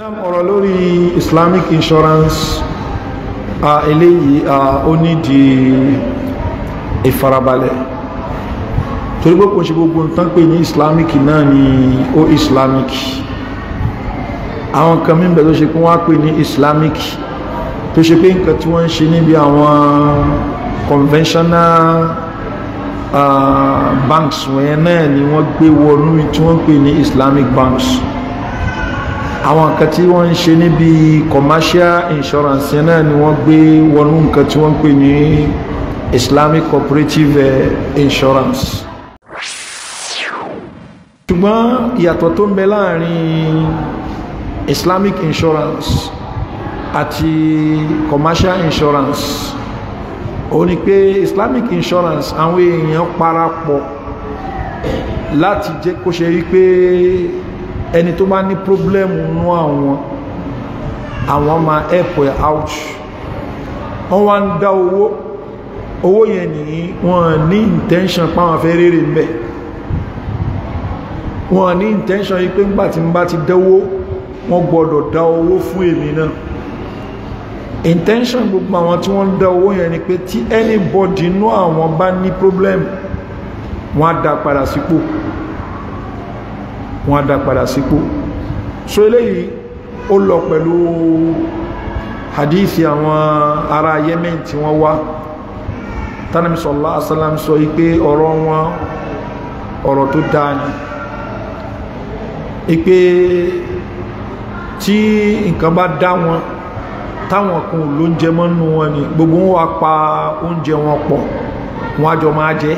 nam ọ̀rọ̀ lórí islamic insurance eléyìí ó ní di ìfarabalẹ̀ torí gbogbo ṣe gbogbo tán pé ní islamic náà ni ó islamic àwọn kan mímbẹ̀ tó ṣe kún wá pè ní islamic tó ṣe pé nǹkan tí wọ́n ń ṣe níbi àwọn conventional banks wọ̀nyẹn náà ni wọ́n gbé wọnú tí wọ́n pè ní islamic banks àwọn nǹkan tí wọ́n ń ṣe níbi commercial insurance yẹn náà ni wọ́n gbé wọnú nǹkan tí wọ́n ń pè ní Islamic cooperative eh, insurance ṣùgbọ́n ìyàtọ̀ tó ń bẹ láàrin Islamic insurance àti commercial insurance ó ní pé Islamic insurance àwọn èèyàn parapọ̀ láti jẹ́ kó ṣe rí pé ẹni tó bá ní pírọ́blẹ́mù nú àwọn àwọn máa help ẹ out wọ́n wá ń dá owó owó yẹn nìyí wọ́n ní intention páwọn fẹ́ rere mbẹ̀ wọ́n ní intention yìí pé ńgbà tí ń bá ti dẹ́wó wọ́n gbọ́dọ̀ dá owó fún èmi náà intention gbogbo àwọn tí wọ́n ń dá owó yẹn ni pé tí anybody nú àwọn bá ní problem wọ́n á dá padà sípò. Si wọ́n dá padà sípò so eléyìí ó lọ pẹ̀lú hadithi àwọn ará Yemen tí wọ́n wá tánàmì sọ̀lá asálàm sọ ipé ọ̀rọ̀ wọn ọ̀rọ̀ tó dáa ni ipé tí nǹkan bá dá wọn táwọn kan ló ń jẹ mọ́nú wọn ni gbogbo wọn pa oúnjẹ wọn pọ̀ wọn á jọ máa jẹ́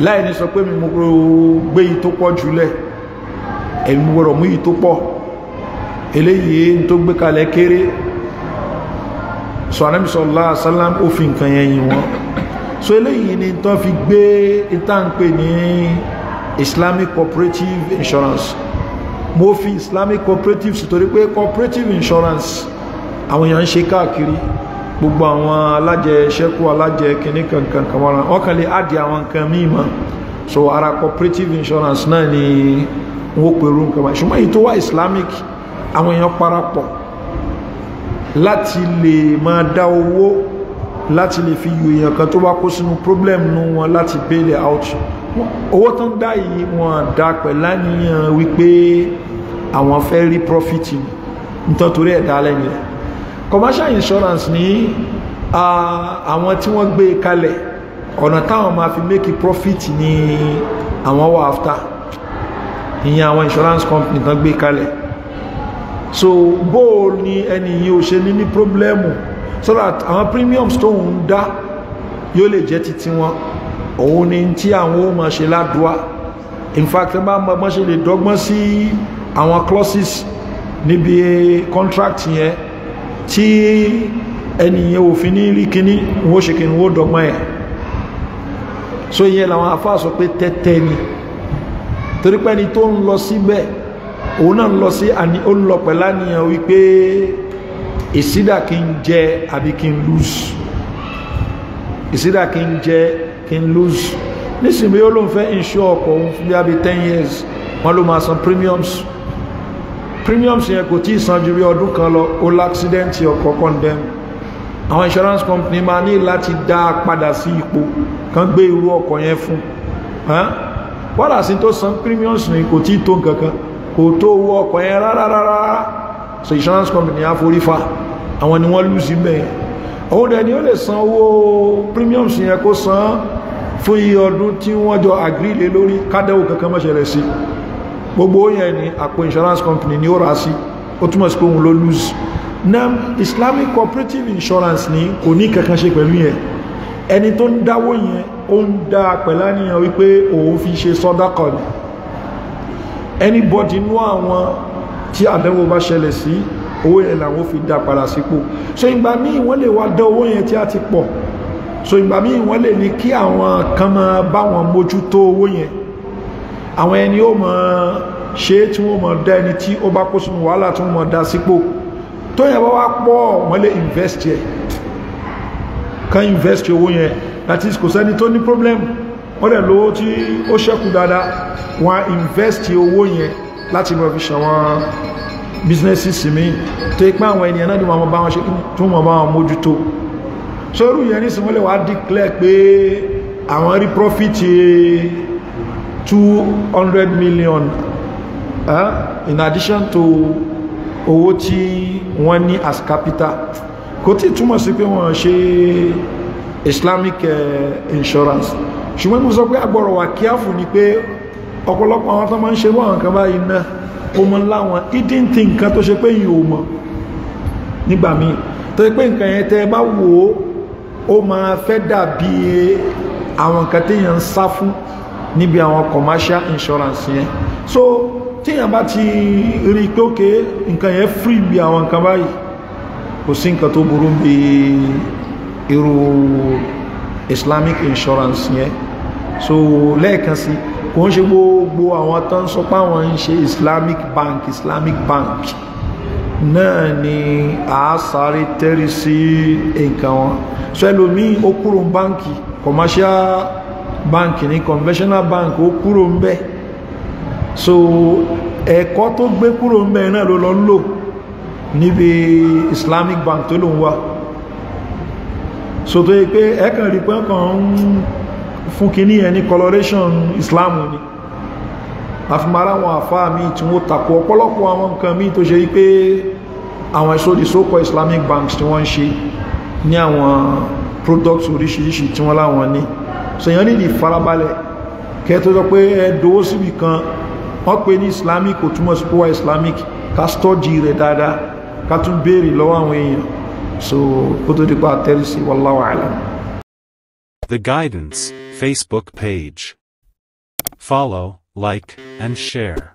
láì ní sọ pé mi mo gbé yìí tó pọ̀ jùlẹ̀ èmi mo gbọ́dọ̀ mú yìí tó pọ̀ eléyìí tó gbé kalẹ̀ kéré sọ Ànábì ó fi nǹkan yẹn yìn so eléyìí ni tán fi gbé ìtànpé ní Islamic cooperative insurance mo fi Islamic cooperative sí torí pé cooperative insurance àwọn èèyàn ń ṣe káàkiri gbogbo àwọn alájẹ ṣẹ́kù alájẹ kìíní kankan kan wọ́n wọ́n kàn lè àdì àwọn nǹkan míì mọ́ so ara cooperative insurance náà ni wọ́n pèrú nǹkan mọ́ ṣùgbọ́n èyí tó wá islamic àwọn èèyàn parapọ̀ láti lè máa dá owó láti lè fi yù èèyàn kan tó bá kó sínú problem nu wọn láti bail out owó tán dá yìí wọn dá pẹ̀lá níyàn wípé àwọn fẹ́ rí profit nítorí ẹ̀dá lẹ́yìn rẹ̀ commercial insurance ni àwọn tí wọ́n gbé kalẹ̀ ọ̀nà táwọn máa fi make profit ni àwọn wà after ìyẹn àwọn insurance company tán gbé kalẹ̀ so bóò ni ẹni yìí ò ṣe ní ní pírọ́blẹ́mù so that àwọn premiums tó ń dá yóò lè jẹ́ titi wọn òun ni tí àwọn ó máa ṣe ládùá in fact ẹ bá máa ṣe lè dọ́gbọ́n sí àwọn clauses níbi contract yẹn tí ẹniyàn òfin ní rí kíní wọ́n ṣe kí wọ́n dọ̀gbọ́n ẹ̀ so ìyẹn làwọn afáà sọ pé tẹ́tẹ́ ni torí pé ẹni tó ń lọ síbẹ̀ òun náà ń lọ sí àní ó ń lọ pẹ̀lá nìyàn wípé ìsídà kí n jẹ àbí kí n lose ìsídà kí n jẹ kí n lose nísìnyí ó lóun fẹ́ insure ọkọ̀ òun fún bí i ten years wọ́n ló máa san premiums premiums yẹn kò tí ì san ju bí ọdún kan lọ ó láksidẹ́ǹtì ọkọ̀ condemn àwọn insurance company máa ní láti dá a padà sí ipò kan gbé irú ọkọ̀ yẹn fún wọ́dà sí tó san premiums ní kò tí ì tó nǹkankan kò tó owó ọkọ̀ yẹn rárá so insurance company á forí fa àwọn ni wọ́n lù sí bẹ́ẹ̀ òun dẹ̀ ni ó lè san owó premiums yẹn kó san fún iye ọdún tí wọ́n jọ àgírí lé lórí kádẹ́wò kankan mọ́ṣẹ̀lẹ̀ sí i gbogbo yẹn ni àpò insurance company ni ó ra sí ó túmọ̀ sí pé òun ló lose na islamic cooperative insurance ni kò ní kankan ṣe pẹ̀lú yẹn ẹni tó ń dáwó yẹn ó ń dá pẹ̀lá níyàn wípé òun fi ṣe sọ́dákọ̀ ni anybody nú àwọn tí àdánwò bá ṣẹlẹ̀ sí owó yẹn làwọn fi dá padà sípò so ìgbà míì wọ́n lè wá dán owó yẹn tí a ti pọ̀ so ìgbà míì wọ́n lè ní kí àwọn kan máa bá wọn mójútó owó yẹn àwọn ẹni ó mọ̀ ṣe tí wọ́n mọ̀ dá ẹni tí ó bá kó sínú wàhálà tí wọ́n mọ̀ dá sípò tó yẹ bá wá pọ̀ wọ́n invest yẹ kan invest owó yẹn that is kò sẹ́ni tó ní problem wọ́n dẹ̀ lówó tí ó ṣẹ́kù dáadáa wọ́n invest owó yẹn láti mọ̀ fi ṣàwọn businesses mi tó ipá àwọn ènìyàn náà ni wọ́n bá wọn ṣe tó wọ́n bá wọn mójútó so irú yẹn nísìnyí wọ́n lè wá declare pé àwọn rí profit yẹn 200 million eh? in addition to owó tí wọ́n ní as capital kò tí túmọ̀ sí pé wọ́n ṣe islamic uh, insurance ṣùgbọ́n mo sọ pé agbọ́rọ̀ wà kíáfù ni pé ọ̀pọ̀lọpọ̀ àwọn tó máa ń ṣe wọ́n nǹkan báyìí náà o mọ̀ láwọn hidden thing kan tó ṣe pé yìí o mọ̀ nígbà míì tó ṣe pé nǹkan yẹn tẹ́ bá wò ó ó fẹ́ dàbí àwọn nǹkan téèyàn ń sá fún níbi àwọn commercial insurance yẹn so tíyàn bá ti rí pé òkè nǹkan yẹn free bí àwọn nǹkan báyìí kò sí nǹkan tó burú bí irú islamic insurance yẹn so lẹ́ẹ̀kan sí kò ń ṣe gbogbo àwọn tó ń sọ pé àwọn ń ṣe islamic bank islamic bank náà ni a sáré tẹ́rí sí nǹkan wọn so ẹlòmíì ó kúrò báńkì commercial bank ní conventional bank ó kúrò ń bẹ̀ so ẹ̀kọ́ tó gbé kúrò ń bẹ̀ náà ló lọ lò níbi Islamic bank tó lòun wà so tó yẹ pé ẹ̀kàn rí pé kàn ń fún kìíní ẹni coloration Islam ni àfimara àwọn àfáà míì tí wọ́n takò ọ̀pọ̀lọpọ̀ àwọn nǹkan míì tó ṣe wípé àwọn ìsòdì sókọ̀ Islamic banks tí wọ́n ń ṣe ní àwọn products oríṣiríṣi tí wọ́n láwọn ní sèyàn farabalẹ̀ pé síbi kan wọ́n pè ní islamic kò túmọ̀ sí islamic ká stọ́jì rẹ̀ dáadáa ká tún béèrè lọ́wọ́ àwọn èèyàn so kó tó àtẹ́rí sí The Guidance Facebook page. Follow, like, and share.